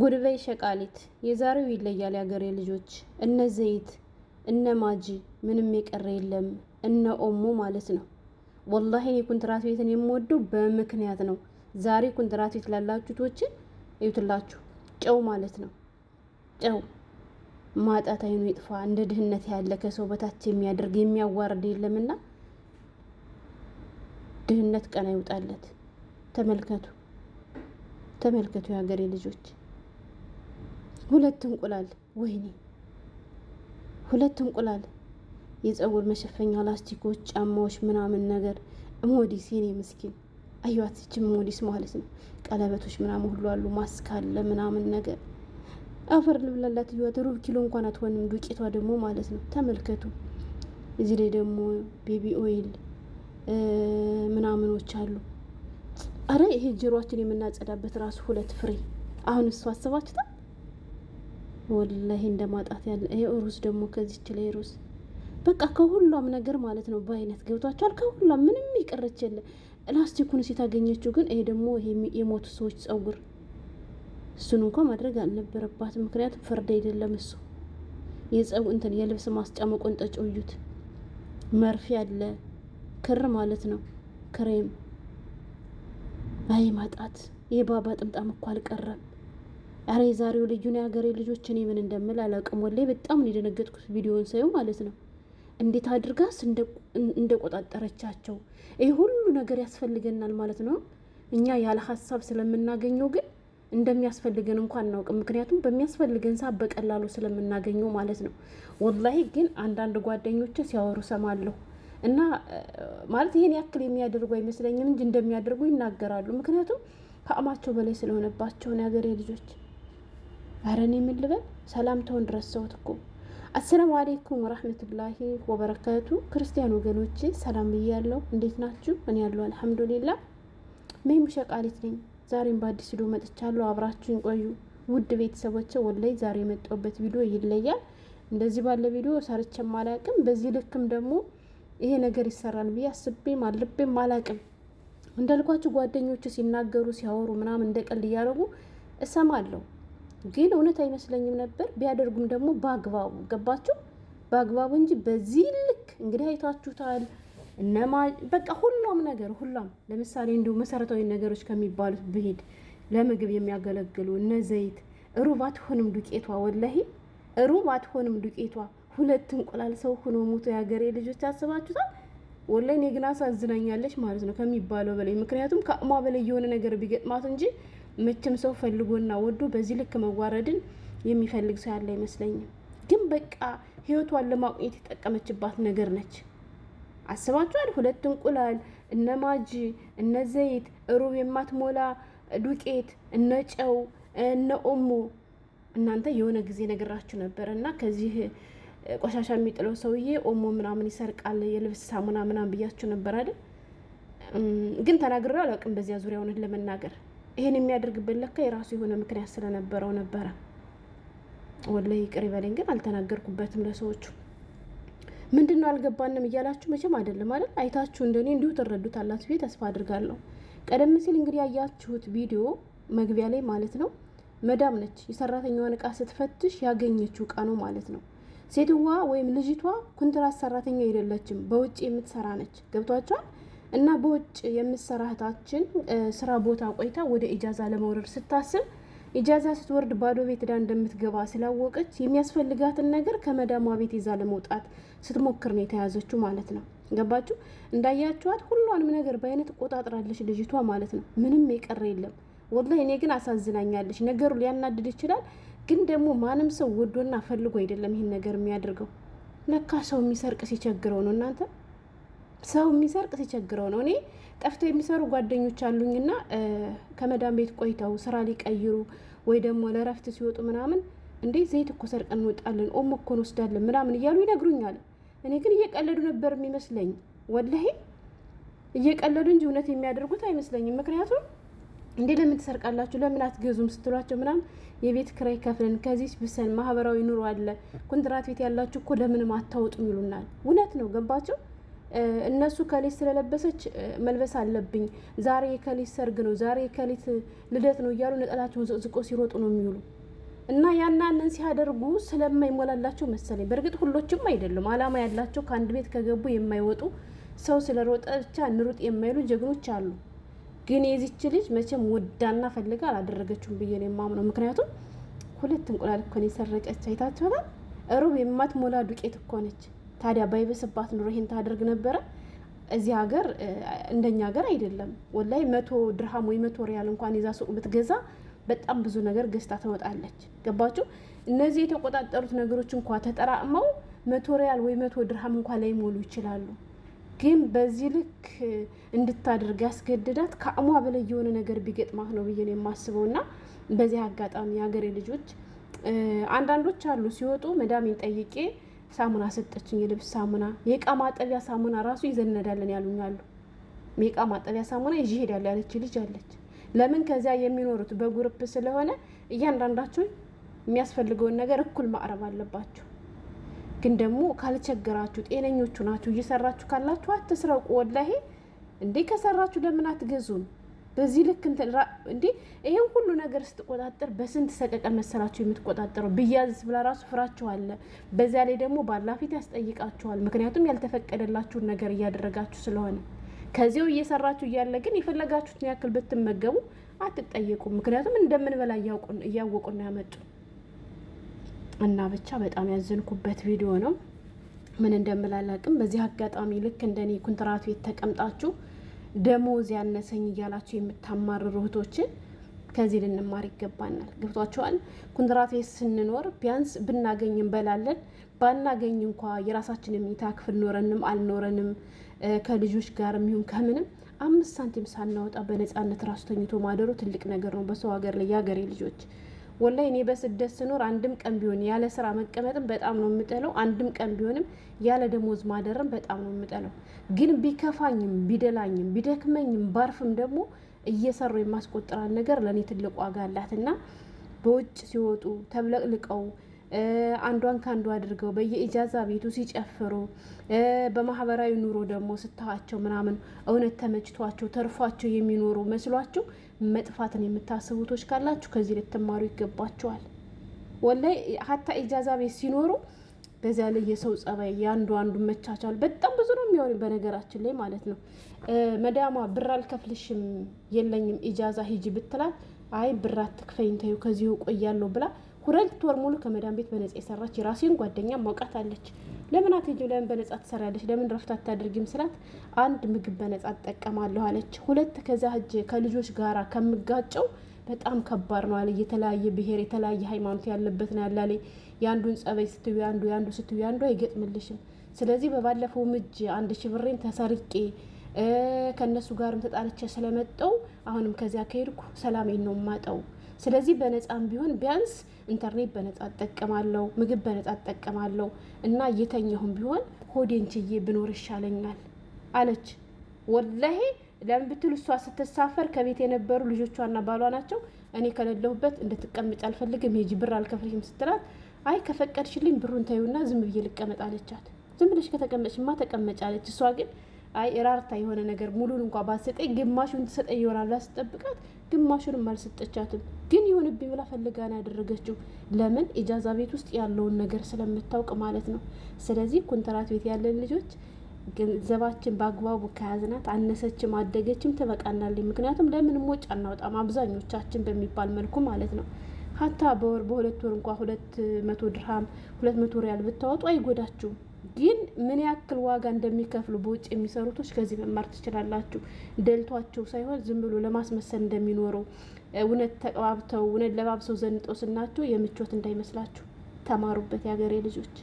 ጉድበይ ሸቃሊት የዛሬው ይለያል ያገሬ ልጆች እነ ዘይት እነ ማጂ ምንም የቀረ የለም እነ ኦሞ ማለት ነው። ወላሂ እኔ ኩንትራት ቤትን የምወደው በምክንያት ነው። ዛሬ ኩንትራት ቤት ላላችሁቶች እዩትላችሁ ጨው ማለት ነው። ጨው ማጣት አይኑ ይጥፋ። እንደ ድህነት ያለ ከሰው በታች የሚያደርግ የሚያዋርድ የለምና ድህነት ቀና ይውጣለት። ተመልከቱ ተመልከቱ የሀገሬ ልጆች ሁለት እንቁላል ወይኔ ሁለት እንቁላል የፀጉር መሸፈኛ ላስቲኮች፣ ጫማዎች ምናምን ነገር ሞዲስ የኔ ምስኪን አያትች ሞዲስ ማለት ነው። ቀለበቶች ምናምን ሁሉ አሉ ማስካለ ምናምን ነገር አፈር ልብላላት እያዋት ሩብ ኪሎ እንኳን አትሆንም። ዱቄቷ ደግሞ ማለት ነው ተመልከቱ። እዚህ ላይ ደግሞ ቤቢ ኦይል ምናምኖች አሉ። አረ ይሄ ጆሮአችን የምናጸዳበት ራሱ ሁለት ፍሬ አሁን እሱ አስባችሁታል። ወላሂ እንደማጣት ያለ ይሄ ሩዝ ደግሞ ከዚች ላይ በቃ ከሁሏም ነገር ማለት ነው በአይነት ገብቷቸዋል። ከሁሏም ምንም ይቀረች የለ ላስቲኩን ሲታገኘችው ግን ይሄ ደግሞ የሞቱ ሰዎች ጸጉር እሱን እንኳ ማድረግ አልነበረባት። ምክንያቱም ፍርድ አይደለም እሱ የጸቡ እንትን የልብስ ማስጫ መቆንጠጫ እዩት። መርፌ አለ ክር ማለት ነው ክሬም። አይ ማጣት የባባ ጥምጣም እኮ አልቀረም። አረ የዛሬው ልዩን የሀገሬ ልጆች እኔ ምን እንደምል አላውቅም። ወላሂ በጣም የደነገጥኩት ቪዲዮን ሳየው ማለት ነው። እንዴት አድርጋስ እንደቆጣጠረቻቸው ይህ ሁሉ ነገር ያስፈልገናል ማለት ነው። እኛ ያለ ሀሳብ ስለምናገኘው ግን እንደሚያስፈልገን እንኳን አናውቅም። ምክንያቱም በሚያስፈልገን ሰዓት በቀላሉ ስለምናገኘው ማለት ነው። ወላሂ ግን አንዳንድ ጓደኞች ሲያወሩ ሰማለሁ እና ማለት ይህን ያክል የሚያደርጉ አይመስለኝም እንጂ እንደሚያደርጉ ይናገራሉ። ምክንያቱም ከአማቸው በላይ ስለሆነባቸው ነው የሀገሬ ልጆች ባረን የምልበል ሰላም ተውን ሰላምታውን ረሳሁት እኮ። አሰላሙ አሌይኩም ወራህመቱላሂ ወበረካቱ። ክርስቲያን ወገኖች ሰላም ብያለሁ። እንዴት ናችሁ? እኔ ያለው አልሐምዱሊላ። ሜሙ ሸቃሊት ነኝ። ዛሬም በአዲስ ቪዲዮ መጥቻለሁ። አብራችሁን ቆዩ ውድ ቤተሰቦች ወላይ ዛሬ የመጣሁበት ቪዲዮ ይለያል። እንደዚህ ባለ ቪዲዮ ሰርቼም አላቅም። በዚህ ልክም ደግሞ ይሄ ነገር ይሰራል ብዬ አስቤም አልቤም አላቅም። እንዳልኳችሁ ጓደኞቹ ሲናገሩ ሲያወሩ ምናምን እንደ ቀልድ እያደረጉ እሰማለሁ ግን እውነት አይመስለኝም ነበር። ቢያደርጉም ደግሞ በአግባቡ ገባችሁ፣ በአግባቡ እንጂ በዚህ ልክ እንግዲህ አይታችሁታል። እነማ በቃ ሁሉም ነገር ሁሉም ለምሳሌ እንዲሁ መሰረታዊ ነገሮች ከሚባሉት ብሄድ ለምግብ የሚያገለግሉ እነ ዘይት ሩብ አትሆንም ዱቄቷ፣ ወላሂ ሩብ አትሆንም ዱቄቷ። ሁለት እንቁላል ሰው ሆኖ ሞቶ የሀገሬ ልጆች ያስባችሁታል። ወላሂ እኔ ግን አሳዝናኛለች ማለት ነው ከሚባለው በላይ ምክንያቱም ከአቅሟ በላይ የሆነ ነገር ቢገጥማት እንጂ መቼም ሰው ፈልጎና ወዶ በዚህ ልክ መዋረድን የሚፈልግ ሰው ያለ አይመስለኝም። ግን በቃ ህይወቷን ለማቆየት የተጠቀመችባት ነገር ነች። አስባችኋል? ሁለት እንቁላል፣ እነ ማጂ፣ እነ ዘይት፣ ሩብ የማትሞላ ዱቄት፣ እነ ጨው፣ እነ ኦሞ። እናንተ የሆነ ጊዜ ነግራችሁ ነበር እና ከዚህ ቆሻሻ የሚጥለው ሰውዬ ኦሞ ምናምን ይሰርቃል የልብስ ሳሙና ምናምን ብያችሁ ነበር አይደል? ግን ተናግሬ አላውቅም በዚያ ዙሪያ እውነት ለመናገር ይሄን የሚያደርግበት ለካ የራሱ የሆነ ምክንያት ስለነበረው ነበረ። ወላሂ ይቅር ይበለኝ፣ ግን አልተናገርኩበትም ለሰዎቹ። ምንድን ነው አልገባንም እያላችሁ መቼም አይደለም አይደል? አይታችሁ እንደኔ እንዲሁ ትረዱታላችሁ ብዬ ተስፋ አድርጋለሁ። ቀደም ሲል እንግዲህ ያያችሁት ቪዲዮ መግቢያ ላይ ማለት ነው መዳም ነች የሰራተኛዋን እቃ ስትፈትሽ ያገኘችው እቃ ነው ማለት ነው። ሴትዋ ወይም ልጅቷ ኩንትራት ሰራተኛ አይደለችም፣ በውጭ የምትሰራ ነች። ገብቷቸዋል። እና በውጭ የምትሰራ እህታችን ስራ ቦታ ቆይታ ወደ ኢጃዛ ለመውረድ ስታስብ ኢጃዛ ስትወርድ ባዶ ቤት ዳ እንደምትገባ ስላወቀች የሚያስፈልጋትን ነገር ከመዳሟ ቤት ይዛ ለመውጣት ስትሞክር ነው የተያዘችው ማለት ነው። ገባችሁ? እንዳያችኋት ሁሏንም ነገር በአይነት ቆጣጥራለች ልጅቷ ማለት ነው። ምንም የቀረ የለም። ወላሂ እኔ ግን አሳዝናኛለች። ነገሩ ሊያናድድ ይችላል፣ ግን ደግሞ ማንም ሰው ወዶና ፈልጎ አይደለም ይህን ነገር የሚያደርገው። ለካ ሰው የሚሰርቅ ሲቸግረው ነው እናንተ ሰው የሚሰርቅ ሲቸግረው ነው። እኔ ጠፍተው የሚሰሩ ጓደኞች አሉኝና ከመዳን ቤት ቆይተው ስራ ሊቀይሩ ወይ ደግሞ ለረፍት ሲወጡ ምናምን እንዴ ዘይት እኮ ሰርቀን እንወጣለን፣ ኦሞ እኮ እንወስዳለን ምናምን እያሉ ይነግሩኛል። እኔ ግን እየቀለዱ ነበር የሚመስለኝ፣ ወላሂ እየቀለዱ እንጂ እውነት የሚያደርጉት አይመስለኝም። ምክንያቱም እንዴ ለምን ትሰርቃላችሁ? ለምን አትገዙም ስትሏቸው ምናምን የቤት ክራይ ከፍለን ከዚህ ብሰን ማህበራዊ ኑሮ አለ፣ ኮንትራት ቤት ያላችሁ እኮ ለምንም አታወጡም ይሉናል። እውነት ነው ገባቸው እነሱ ከሊት ስለለበሰች መልበስ አለብኝ፣ ዛሬ የከሊት ሰርግ ነው፣ ዛሬ የከሌት ልደት ነው እያሉ ነጠላቸውን ዘቅዝቆ ሲሮጡ ነው የሚውሉ እና ያናንን ሲያደርጉ ስለማይሞላላቸው መሰለኝ። በእርግጥ ሁሎችም አይደሉም። አላማ ያላቸው ከአንድ ቤት ከገቡ የማይወጡ ሰው ስለሮጠ ብቻ እንሩጥ የማይሉ ጀግኖች አሉ። ግን የዚች ልጅ መቼም ወዳና ፈልጋ አላደረገችውም ብዬ ነው የማምነው። ምክንያቱም ሁለት እንቁላል እኮ ነው የሰረቀች። አይታችኋታል? ሩብ የማትሞላ ዱቄት እኮ ነች። ታዲያ ባይበስባት ኑሮ ይሄን ታደርግ ነበረ? እዚህ ሀገር እንደኛ ሀገር አይደለም። ወላይ መቶ ድርሃም ወይ መቶ ሪያል እንኳን ይዛ ሱቅ ብትገዛ በጣም ብዙ ነገር ገዝታ ትወጣለች። ገባችሁ? እነዚህ የተቆጣጠሩት ነገሮች እንኳ ተጠራቅመው መቶ ሪያል ወይ መቶ ድርሃም እንኳ ላይሞሉ ይችላሉ። ግን በዚህ ልክ እንድታደርግ ያስገድዳት ከአሟ በላይ የሆነ ነገር ቢገጥማት ነው ብዬ ነው የማስበው። እና በዚህ አጋጣሚ የሀገሬ ልጆች አንዳንዶች አሉ ሲወጡ መዳሜን ጠይቄ ሳሙና ሰጠችኝ፣ የልብስ ሳሙና፣ የእቃ ማጠቢያ ሳሙና ራሱ ይዘን እንሄዳለን ያሉኝ አሉ። የእቃ ማጠቢያ ሳሙና ይዤ እሄዳለሁ ያለች ልጅ አለች። ለምን ከዚያ የሚኖሩት በጉርፕ ስለሆነ እያንዳንዳችሁ የሚያስፈልገውን ነገር እኩል ማቅረብ አለባችሁ። ግን ደግሞ ካልቸገራችሁ፣ ጤነኞቹ ናችሁ፣ እየሰራችሁ ካላችሁ አትስረቁ። ወላሄ እንዴ ከሰራችሁ ለምን አትገዙም? በዚህ ልክ እንዴ ይሄን ሁሉ ነገር ስትቆጣጠር በስንት ሰቀቀ መሰላችሁ የምትቆጣጠረው? ብያዝ ብላ ራሱ አለ በዛ ላይ ደግሞ ባላፊት ያስጠይቃችኋል። ምክንያቱም ያልተፈቀደላችሁን ነገር እያደረጋችሁ ስለሆነ ከዚው እየሰራችሁ እያለ ግን የፈለጋችሁትን ያክል ብትመገቡ አትጠየቁም። ምክንያቱም እንደምንበላ እያወቁ ነው ያመጡ እና ብቻ በጣም ያዘንኩበት ቪዲዮ ነው። ምን እንደምላላቅም በዚህ አጋጣሚ ልክ እንደኔ ኩንትራት ቤት ተቀምጣችሁ ደሞዝ ያነሰኝ እያላችሁ የምታማርሩ እህቶችን ከዚህ ልንማር ይገባናል። ገብቷቸዋል። ኩንትራቴ ስንኖር ቢያንስ ብናገኝ እንበላለን፣ ባናገኝ እንኳ የራሳችን የሚታ ክፍል ኖረንም አልኖረንም ከልጆች ጋር የሚሆን ከምንም አምስት ሳንቲም ሳናወጣ በነፃነት ራሱ ተኝቶ ማደሩ ትልቅ ነገር ነው በሰው ሀገር ላይ የሀገሬ ልጆች ወላይ እኔ በስደት ስኖር አንድም ቀን ቢሆን ያለ ስራ መቀመጥም በጣም ነው የምጠለው። አንድም ቀን ቢሆንም ያለ ደሞዝ ማደርም በጣም ነው የምጠለው። ግን ቢከፋኝም፣ ቢደላኝም፣ ቢደክመኝም ባርፍም ደግሞ እየሰሩ የማስቆጥራን ነገር ለእኔ ትልቅ ዋጋ አላትና በውጭ ሲወጡ ተብለቅልቀው አንዷን ከአንዱ አድርገው በየኢጃዛ ቤቱ ሲጨፍሩ በማህበራዊ ኑሮ ደግሞ ስታዋቸው ምናምን እውነት ተመችቷቸው ተርፏቸው የሚኖሩ መስሏችሁ መጥፋትን የምታስቡቶች ካላችሁ ከዚህ ልትማሩ ይገባችኋል። ወላይ ሀታ ኢጃዛ ቤት ሲኖሩ በዚያ ላይ የሰው ጸባይ የአንዱ አንዱ መቻቻል በጣም ብዙ ነው የሚሆን። በነገራችን ላይ ማለት ነው መዳሟ ብር አልከፍልሽም የለኝም ኢጃዛ ሂጂ ብትላት አይ ብር አትክፈኝ ተይው ከዚሁ ቆያለሁ ብላ ሁለት ወር ሙሉ ከመዳን ቤት በነጻ የሰራች የራሴን ጓደኛ ማውቃት አለች። ለምን አትሄጂም? ለምን በነጻ ትሰራለች? ለምን ረፍት አታደርጊም ስላት አንድ ምግብ በነጻ ትጠቀማለሁ አለች። ሁለት ከዛ እጅ ከልጆች ጋራ ከምጋጨው በጣም ከባድ ነው አለ። የተለያየ ብሔር የተለያየ ሃይማኖት ያለበት ነው ያለ የአንዱን ጸበይ ስትዩ አንዱ የአንዱ ስትዩ አንዱ አይገጥምልሽም። ስለዚህ በባለፈው ምጅ አንድ ሺ ብሬን ተሰርቄ ከእነሱ ጋርም ተጣልቼ ስለመጠው አሁንም ከዚያ ከሄድኩ ሰላሜን ነው ማጠው ስለዚህ በነጻም ቢሆን ቢያንስ ኢንተርኔት በነጻ እጠቀማለሁ፣ ምግብ በነጻ እጠቀማለሁ እና እየተኛሁም ቢሆን ሆዴን ችዬ ብኖር ይሻለኛል አለች። ወላሄ ለምን ብትል እሷ ስትሳፈር ከቤት የነበሩ ልጆቿና ባሏ ናቸው። እኔ ከሌለሁበት እንድትቀመጭ አልፈልግም፣ ሂጂ ብር አልከፍልሽም ስትላት፣ አይ ከፈቀድሽልኝ ብሩን ተዩና ዝም ብዬ ልቀመጥ አለቻት። ዝም ብለሽ ከተቀመጥሽማ ተቀመጭ አለች። እሷ ግን አይ እራርታ የሆነ ነገር ሙሉን እንኳ ባሰጠኝ ግማሹን ትሰጠኝ ይሆናል ብላ ስትጠብቃት ግማሹንም አልሰጠቻትም። ግን ይሁንብኝ ብላ ፈልጋን ያደረገችው ለምን ኢጃዛ ቤት ውስጥ ያለውን ነገር ስለምታውቅ ማለት ነው። ስለዚህ ኮንትራት ቤት ያለን ልጆች ገንዘባችን በአግባቡ ከያዝናት አነሰችም አደገችም ትበቃናለች። ምክንያቱም ለምንም ወጪ አናወጣም አብዛኞቻችን በሚባል መልኩ ማለት ነው። ሀታ በወር በሁለት ወር እንኳ ሁለት መቶ ድርሃም ሁለት መቶ ሪያል ብታወጡ አይጎዳችሁም። ግን ምን ያክል ዋጋ እንደሚከፍሉ በውጭ የሚሰሩቶች ከዚህ መማር ትችላላችሁ። ደልቷቸው ሳይሆን ዝም ብሎ ለማስመሰል እንደሚኖረው እውነት ተቀባብተው እውነት ለባብሰው ዘንጦ ስናቸው የምቾት እንዳይመስላችሁ ተማሩበት የሀገሬ ልጆች።